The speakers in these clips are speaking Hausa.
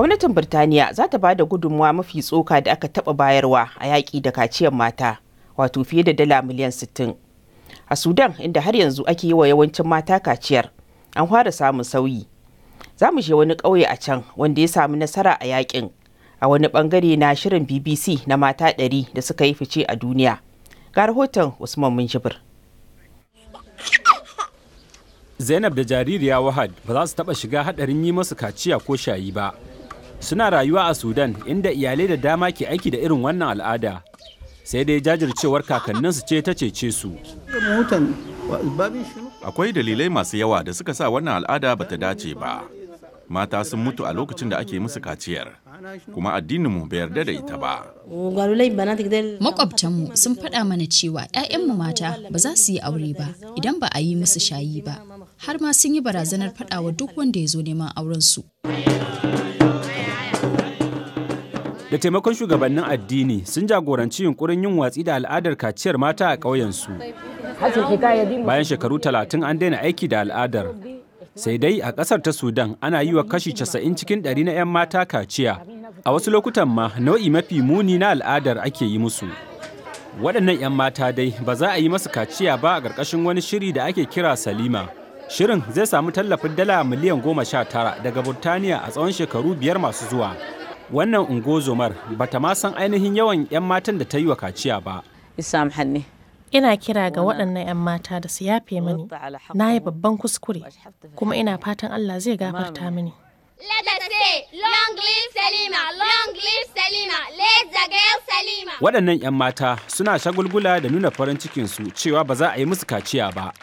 gwamnatin birtaniya za ta ba da gudunmuwa mafi tsoka da aka taɓa bayarwa a yaƙi da kaciyar mata wato fiye da dala miliyan 60 a sudan inda har yanzu ake yi wa yawancin mata kaciyar an fara samun sauyi za mu je wani ƙauye a can wanda ya samu nasara a yaƙin a wani ɓangare na shirin bbc na mata ɗari da suka yi fice a duniya ga rahoton usman munjibir zainab da jaririya wahad ba za su taɓa shiga haɗarin yi masu kaciya ko shayi ba suna rayuwa a sudan inda iyalai da dama ke aiki da irin wannan al'ada sai dai jajircewar kakanninsu ce ta cece su akwai dalilai masu yawa da suka sa wannan al'ada bata dace ba mata sun mutu a lokacin da ake musu kaciyar kuma addininmu bai yarda da ita ba makwabtanmu sun faɗa mana cewa 'ya'yanmu mata ba za su yi aure ba idan ba a yi musu shayi ba har ma sun yi barazanar faɗawa duk wanda ya zo neman auren su da taimakon shugabannin addini sun jagoranci yunkurin yin watsi da al'adar kaciyar mata a ƙauyensu bayan shekaru talatin an daina aiki da al'adar sai dai a ƙasar ta sudan ana yi wa kashi casa'in cikin ɗari na 'yan mata kaciya a wasu lokutan ma nau'i mafi muni na al'adar ake yi musu waɗannan 'yan mata dai ba za a yi masu kaciya ba a ƙarƙashin wani shiri da ake kira salima shirin zai samu tallafin dala miliyan goma sha tara daga burtaniya a tsawon shekaru biyar masu zuwa wannan ungozomar ba ta ma san ainihin yawan 'yan matan da ta yi wa kaciya ba. Ina kira ga waɗannan 'yan mata da su yafe mani, na yi babban kuskure, kuma ina fatan Allah zai gafarta mini. Waɗannan 'yan mata suna shagulgula da nuna farin cikinsu cewa ba za a yi musu kaciya ba.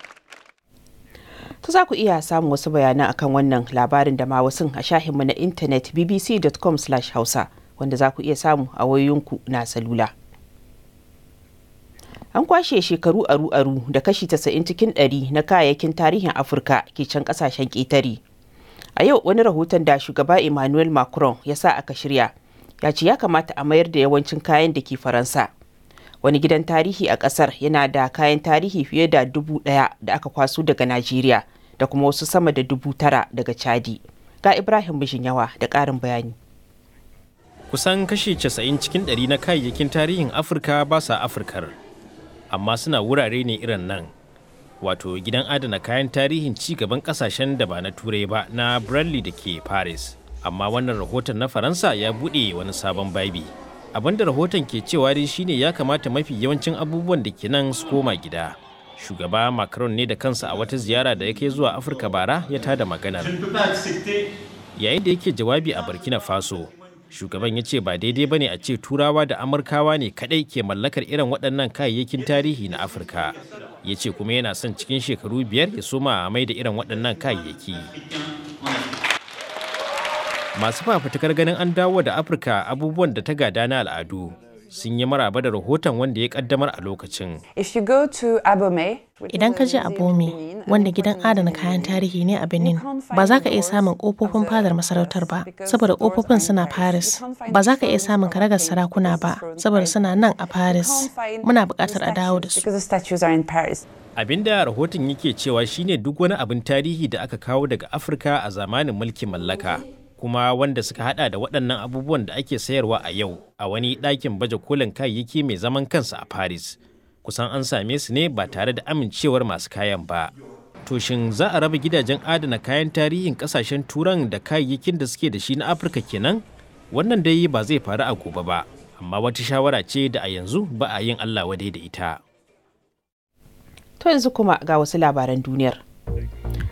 To za ku iya samun wasu bayanan akan wannan labarin da ma wasu a shahinmu na intanet bbc.com/hausa wanda za ku iya samu a wayoyinku na salula. An kwashe shekaru aru-aru da kashi 90 cikin 100 na kayayyakin tarihin Afirka ke can kasashen ƙetare. A yau wani rahoton da shugaba Emmanuel Macron ya sa aka shirya ya ce ya kamata a mayar da yawancin kayan da ke Faransa. Wani gidan tarihi a ƙasar yana da kayan tarihi fiye da dubu ɗaya da aka kwaso daga Najeriya da kuma wasu sama da dubu tara daga chadi ga ibrahim bishin yawa da ƙarin bayani kusan kashi 90 cikin 100 na kayayyakin tarihin afirka ba sa afirkar amma suna wurare ne irin nan wato gidan adana kayan tarihin ci gaban kasashen da ba na turai ba na bradley da ke paris amma wannan rahoton na faransa ya buɗe wani sabon babi abinda rahoton ke cewa dai shine ya kamata mafi yawancin abubuwan da ke nan su koma gida shugaba macron ne da kansa a wata ziyara da yake zuwa afirka bara ya tada maganar yayin da yake jawabi a burkina faso shugaban ya ce ba daidai ba ne a ce turawa da amurkawa ne kadai ke mallakar irin waɗannan kayayyakin tarihi na afirka ya ce kuma yana son cikin shekaru biyar ya soma a mai da irin waɗannan kayayyaki masu fafutukar ganin an dawo da afirka abubuwan da ta gada na al'adu sun yi maraba da rahoton wanda ya kaddamar a lokacin. Idan ka je Abome, wanda gidan adana kayan tarihi ne a Benin, ba za ka iya samun ƙofofin fadar masarautar ba, saboda ƙofofin suna Paris. Ba za ka iya samun karagar sarakuna ba, saboda suna nan a Paris. Muna bukatar a dawo da su. Abin da rahoton yake cewa shine duk wani abin tarihi da aka kawo daga Afirka a zamanin mulkin mallaka. kuma wanda suka hada da waɗannan abubuwan da ake sayarwa a yau a wani ɗakin baje kolin kayayyaki mai zaman kansa a paris kusan an same su ne ba tare da amincewar masu kayan ba to shin za a raba gidajen adana kayan tarihin kasashen turan da kayayyakin da suke da shi na afirka kenan wannan dai ba zai faru a gobe ba amma wata shawara ce da a yanzu ba a yin allah wadai da ita to yanzu kuma ga wasu labaran duniyar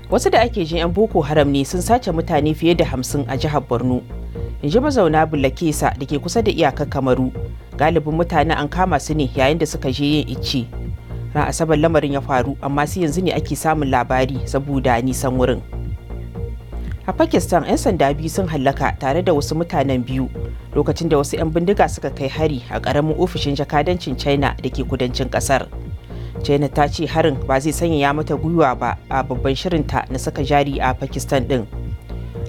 wasu da ake jin 'yan boko haram ne sun sace mutane fiye da hamsin a jihar borno in ji mazauna bulakesa da ke kusa da iyakar kamaru galibin mutane an kama su ne yayin da suka je yin icce ran asabar lamarin ya faru amma sai yanzu ne ake samun labari saboda nisan wurin a pakistan 'yan sanda biyu sun hallaka tare da wasu mutanen biyu lokacin da wasu 'yan bindiga suka kai hari a ƙaramin ofishin jakadancin china da ke kudancin ƙasar. janet ta ce harin ba zai sanya ya mata gwiwa ba a babban shirinta na saka jari a pakistan din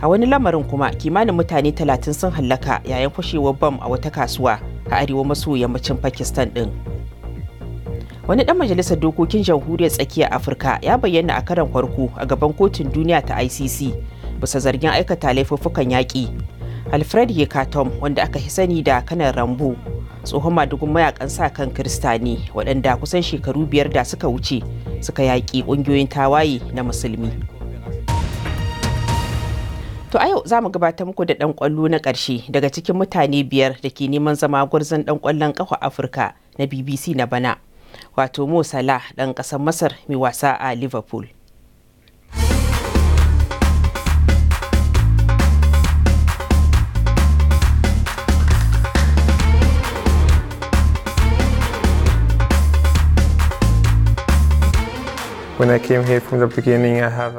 a wani lamarin kuma kimanin mutane 30 sun hallaka yayin fashewar bam a wata kasuwa a arewa maso yammacin pakistan din wani dan majalisar dokokin jamhuriyar tsakiyar afirka ya bayyana a karan farko a gaban kotun duniya ta icc bisa zargin aikata laifuffukan yaƙi alfred yekatom wanda aka sani da kanan rambo tsohon madugun mayakan sa kan kirista ne waɗanda kusan shekaru biyar da suka wuce suka yaƙi ƙungiyoyin tawaye na musulmi to a yau za mu gabata muku da ɗan kwallo na ƙarshe daga cikin mutane biyar da ke neman zama gwarzon ɗan ƙwallon ƙafa afirka na bbc na bana wato mo salah ɗan ƙasar masar mai wasa a liverpool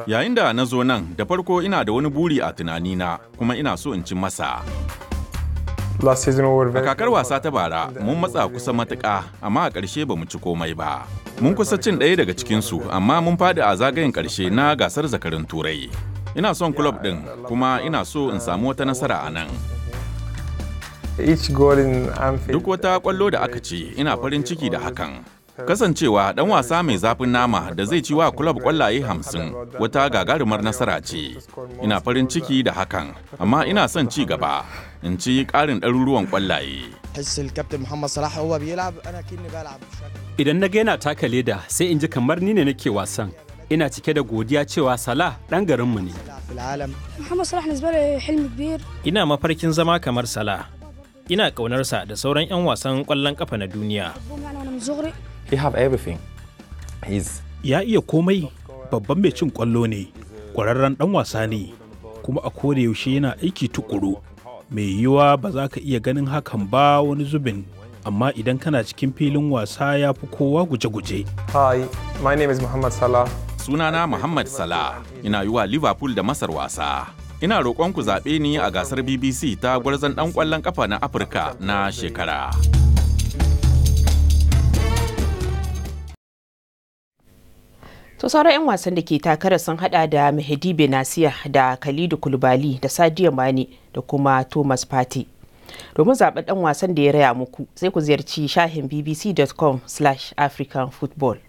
Yayin da na zo nan, da farko ina da wani buri a tunani na kuma ina so in ci masa. A kakar wasa ta bara, mun matsa kusa matuka, amma a ƙarshe ba mu ci komai ba. Mun kusa cin ɗaya daga cikinsu, amma mun faɗi a zagayen ƙarshe na gasar zakarin Turai. Ina son kulob ɗin, kuma ina so in samu wata nasara a nan. Duk wata ƙwallo da aka ce, ina farin ciki da hakan. Kasancewa ɗan wasa mai zafin nama da zai ci wa kulab kwallaye hamsin wata gagarumar nasara ce. Ina farin ciki da hakan, amma ina son ci gaba. In ci ƙarin ɗaruruwan kwallaye. Idan na ga yana taka leda sai in ji kamar ni ne nake wasan. Ina cike da godiya cewa Salah ɗan garinmu ne. Eh, ina mafarkin zama kamar Salah. ina ƙaunarsa da sauran 'yan wasan ƙwallon ƙafa na duniya. He ya iya komai babban mai cin kwallo ne, kwararren dan wasa ne, kuma a koda yaushe yana aiki tukuru. Mai yiwa ba za ka iya ganin hakan ba wani zubin, amma idan kana cikin filin wasa ya fi kowa guje-guje. Hi, my name is Muhammad Sunana Muhammad Salah, ina yiwa Liverpool da Masar wasa. ina roƙon zaɓe ni a gasar BBC ta gwarzon ɗan ƙwallon ƙafa na Afirka na shekara. To sauran 'yan wasan da ke takara sun hada da Mehdi Benasiya da Khalidu Kulbali da Sadio Mani da kuma Thomas Partey. Domin zaɓen ɗan wasan da ya raya muku sai ku ziyarci shahin bbc.com/african football.